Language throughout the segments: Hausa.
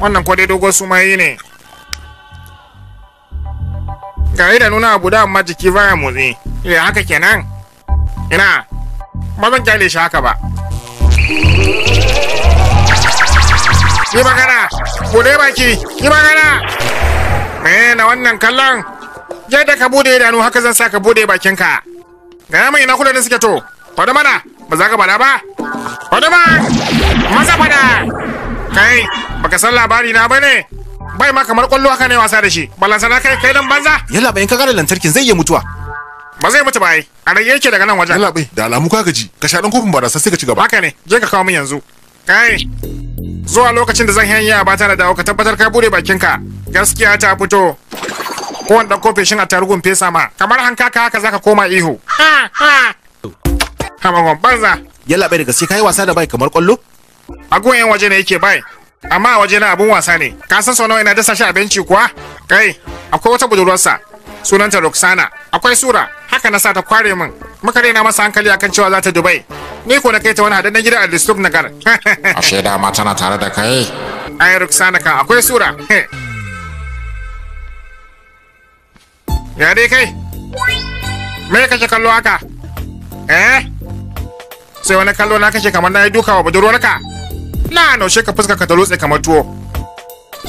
wannan kwadai dogon yi ne ga nuna, abu da amma jiki baya motsi ya eh, haka kenan ina ba zan kyale shi haka ba yi magana bude baki yi magana me na wannan kallon yadda ka bude idanu haka zan sa ka bude bakinka ga yamma ina kula da suke to faɗi mana ba za ka bada ba faɗi ma maza faɗa kai baka san labari na bane bai ma kamar kwallo haka ne wasa da shi balansa na kai kai dan banza yalla bai in ka gara lantarkin zai iya mutuwa ba zai mutu bai a rage yake daga nan wajen yalla bai da alamu ka gaji ka sha dan kofin barasa sai ka ci gaba haka ne je ka kawo min yanzu kai zuwa lokacin da zan hanya ba tare da dawo ka tabbatar ka bude bakinka gaskiya ta fito ko wanda kofi shin a tarugun fesa ma kamar ka haka zaka koma ihu ha ha ha banza yalla bai da gaske kai wasa da bai kamar kwallo agoyan waje ne yake bai amma waje na abun wasa ne ka san sau nawa yana dasa shi abinci kuwa kai akwai wata budurwarsa sunanta roxana akwai sura haka na sa ta kware min muka rena masa hankali akan cewa za ta dubai ni ko na kai ta wani haɗaɗɗen gida a district nagar a shaida ma tana tare da kai ai roxana kan akwai sura ya dai kai me kake kallo haka eh sai wani kallo na kake kamar na yi duka wa budurwarka na naushe ka fuska ka ta lotse kamar tuwo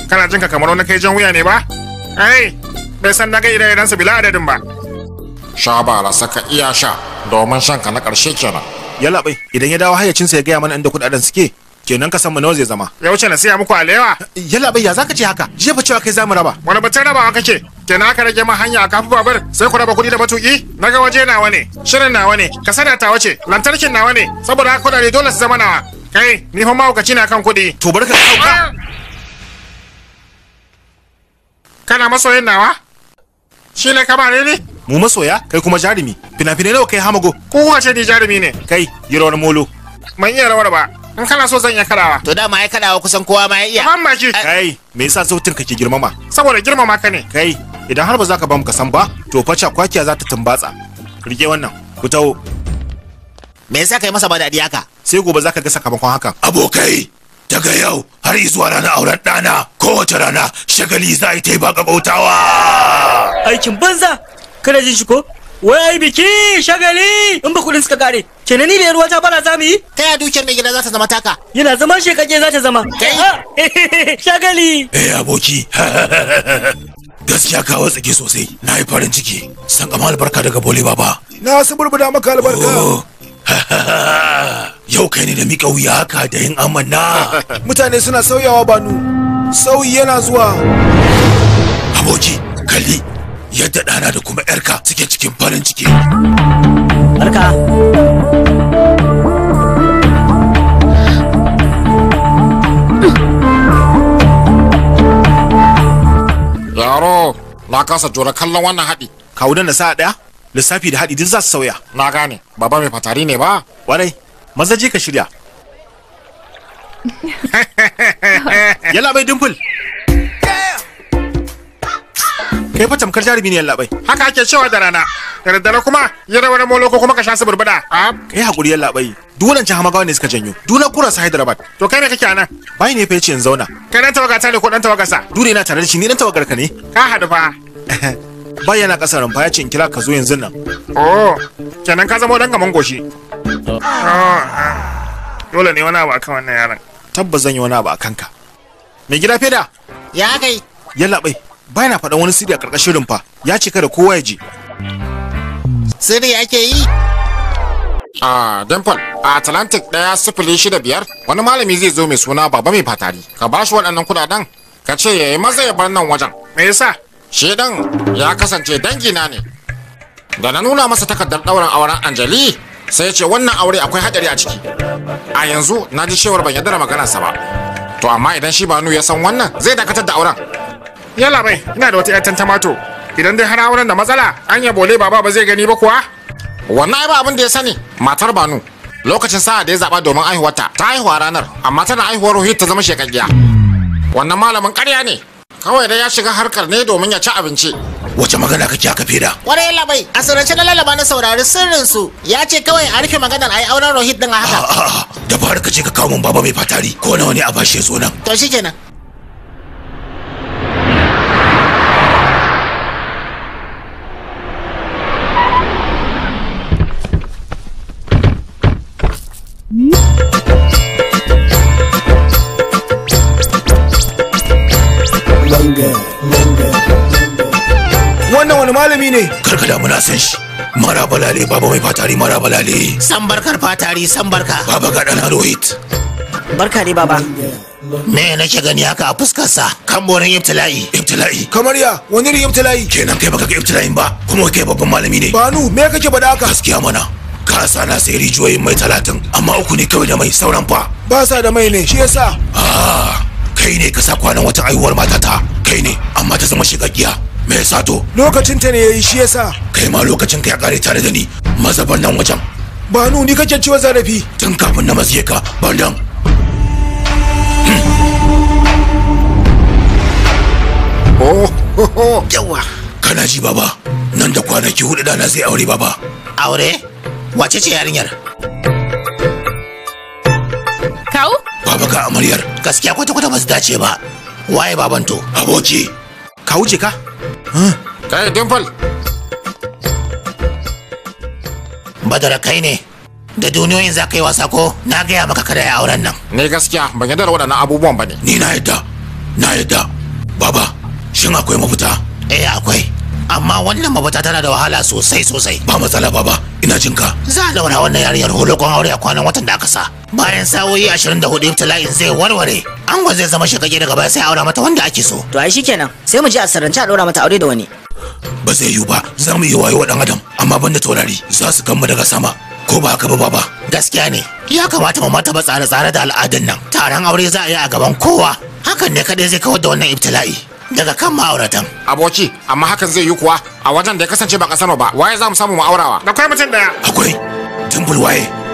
kana jin ka kamar wani kai jan wuya ne ba ai bai san na ga ire-irensa bila adadin ba sha bara saka iya sha domin ka na ƙarshe kenan ya idan ya dawo hayyacinsa ya gaya mana inda kuɗaɗen suke kenan ka san mu nawa zai zama ya wuce na siya muku alewa yalla bai ya zaka ce haka jiya fa cewa kai zamu raba wani batun rabawa kake kenan aka rage ma hanya a kafin babur sai ku raba kuɗi da Na ga waje nawa ne shirin nawa ne kasada tawa ce lantarkin nawa ne saboda haka kuɗaɗe dole su zama nawa kai ni fa mahaukaci na kan kuɗi to barka sauka kana masoyin nawa shi ne kamar ne mu masoya kai kuma jarumi fina-finai nawa kai hamago ko kuka ce ni jarumi ne kai yi rawar molo ban iya rawar ba in kana so zan iya karawa to da ma ya kadawa kusan kowa ma ya iya amma ki kai me yasa sautin ke girmama saboda girmama ka ne kai idan har ba za ka ba mu kasan ba to faca kwakiya za ta tumbatsa rike wannan ku taho me yasa kai masa ba dadi haka sai gobe zaka ga sakamakon hakan abokai daga yau har zuwa ranar auren ɗana kowace rana shagali za yi taiba bautawa. aikin banza kada jin shi ko wai biki shagali in ba kuɗin suka kare kenan ni da ruwa ta bara za yi ta ya dukiyar mai gida za ta zama taka yana zama shekake za ta zama ah, shagali eh aboki gaskiya ka tsaki sosai na yi farin ciki san kama albarka daga bole ba. na su burbuda maka albarka oh. yau kai ne da miƙa wuya haka da yin amana. mutane suna sauyawa banu sauyi yana zuwa aboki kalli yadda ɗana da kuma ƴarka suke cikin farin ciki barka yaro na kasa jura kallon wannan haɗi kawo da na sa ɗaya lissafi da haɗi duk za su sauya na gane baba mai fatari ne ba warai maza je ka shirya yalla bai dimpul kai fa tamkar jarumi ne yalla bai haka ake cewa da rana da daddare kuma ya rawar molo ko kuma ka sha su burbada kai hakuri yalla bai duk wadancan hamagawa ne suka janyo na kura sa Hyderabad to kai ne kake nan. bai ne fece yace in zauna kai dan tawaga ta ne ko dan tawaga sa dure na tare da shi ni dan tawagar ka ne ka hadu fa bayyana kasar rumfa ya ce kira ka zo yanzu nan oh kenan ka zama dan gaman goshi ah, ah. dole ne wani abu akan wannan yaron tabbas zan yi wani abu akan ka mai gida feda ya kai yalla bai na faɗan wani sirri a ƙarƙashin rumfa ya ce kada kowa ya ji sirri ake yi a ah, Denpol a Atlantic ɗaya sifili shida biyar wani malami zai zo mai suna baba mai fatari ka ba shi waɗannan kuɗaɗen ka ce ya yi maza ya bar nan wajen me yasa shedan ya kasance dangi na ne da na nuna masa takardar ɗaurin auren anjali sai ce wannan aure akwai hadari a ciki a yanzu na ji cewar ban yarda da maganarsa ba to amma idan shi banu ya san wannan zai dakatar da auren yalla bai ina da wata ƴar tantamato idan dai har auren da matsala an ya bole baba ba zai gani ba kuwa wannan ai ba abin da ya sani matar banu lokacin sa'a da ya zaba domin aihuwarta ta a ranar amma tana aihuwar ruhi ta zama shekaggiya wannan malamin ƙarya ne kawai dai ya shiga harkar ne domin ya ci abinci wace magana ka kake aka wani kwarai labai a sirrance na lalaba na saurari sirrin su ya ce kawai a rufe maganar ai auren rohit din a haka ah, ah, ah. da ba ka ce ka kawo mun baba mai fatari ko nawa ne a bashi ya zo nan to shikenan wani malami ne karkada muna san shi mara balale baba mai fatari mara balale san barkar fatari san barka baba ga dan rohit barka ne baba me nake gani haka a fuskarsa kan borin ibtila'i ibtila'i kamar ya wani ne ibtila'i kenan kai baka ga ibtila'in ba kuma kai babban malami ne banu me kake bada haka gaskiya mana kasa na sai rijiyoyin mai talatin amma uku ne kawai da mai sauran fa ba sa da mai ne shi yasa ah kai ne ka sa kwanan watan ayuwar matata kai ne amma ta zama shigaggiya me yasa to lokacin ta ne yayi shi yasa kai ma lokacin ka ya kare tare da ni mazaban nan wajen Ba nu ni kake ciwon zarafi tun kafin na matsaye ka bandan oh yawa kana ji baba nan da kwanaki hudu dana zai aure baba aure wace ce yarinyar kawo baba ka amaryar gaskiya kwata kwata ba su dace ba waye baban to aboki ka wuce ka kai dimpal. badara kai ne da duniyoyin za ka yi wasa ko na gaya maka kada ya auren nan ne gaskiya ban yadda da waɗannan abubuwan ba ne ni na yadda na yadda baba shin akwai mafita eh akwai amma wannan mafita tana da wahala sosai sosai ba matsala baba ina jinka za a daura wannan yarinyar holokon aure a kwanan watan da aka sa bayan sa'o'i 24 ibtila'in zai warware angon zai zama shagage daga bayan sai aura mata wanda ake so to ai shikenan sai mu je a sarrance a dora mata aure da wani ba zai yiwu ba za mu yi wayo dan adam amma banda taurari za su mu daga sama ko ba haka ba baba gaskiya ne ya kamata mu mata ba tsare-tsare da al'adun nan taron aure za a yi a gaban kowa hakan ne kadai zai kawar da wannan ibtila'i daga kan ma'auratan aboki amma hakan zai yi kuwa a wajen da ya kasance ba kasano ba waye za mu samu ma'aurawa akwai mutum daya akwai tumbul waye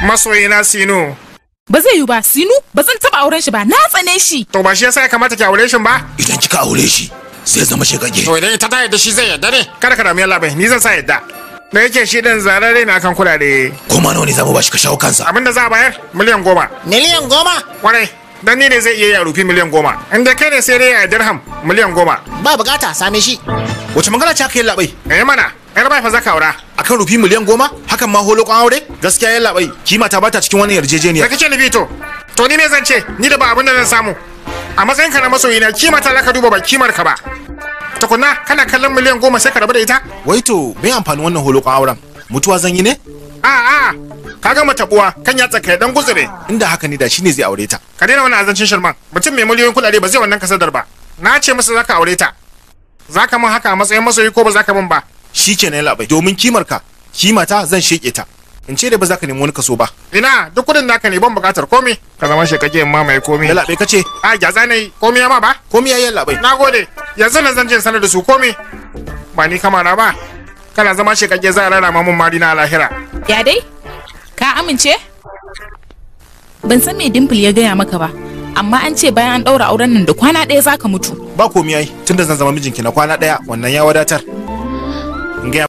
masoyina sinu. ba zai yi ba sinu ba zan taba auren shi ba na tsane shi to ba shi yasa ya kamata ki aure shi ba idan kika aure shi zai zama shegage to idan ita ta yadda shi zai yadda ne kada ka damu labai ni zan sa yadda da yake shi din zarare ne akan kula da kuma nawa ne zamu bashi ka shawo kansa abin da za a bayar miliyan goma miliyan goma kwarai dan ni ne zai iya yi a rufi miliyan goma dai kai ne sai dai a dirham miliyan goma ba bukata same shi wace magana ce aka yi labai eh mana karba fa zaka aura akan rufi miliyan goma hakan ma holo holokon aure gaskiya yalla bai kima ta bata cikin wannan yarjejeniya kake ni to to ni me zan ce ni da ba abin da zan samu a matsayinka na masoyina kima ta laka duba ba kimar ka ba tukunna kana kallon miliyan goma sai ka rabu da ita wai to me amfani wannan holo holokon auren mutuwa zan yi ne a a ka gama kuwa kan ya tsaka dan guzure inda haka ne da shine zai aure ta ka daina wannan azancin shirman mutum mai miliyoyin kudade ba zai wannan kasadar ba na ce masa zaka aure ta zaka mun haka a matsayin masoyi ko ba zaka min ba shi ke na labai domin kimar ka kima ta zan sheke ta in ce da ba za ka nemi wani kaso ba ina duk kudin naka ne ban bukatar komi ka zama shekake ma mai komi ya labai kace a ya zane komi ya ma ba komi ya yi labai nagode yanzu nan zan je sanar da su komi ba ni kamara ba kana zama shekake za a rarama mun mari na lahira ya dai ka amince ban san me dimple ya gaya maka ba amma an ce bayan an ɗaura auren nan da kwana ɗaya zaka mutu ba komi tunda zan zama mijinki na kwana ɗaya wannan ya wadatar இங்கே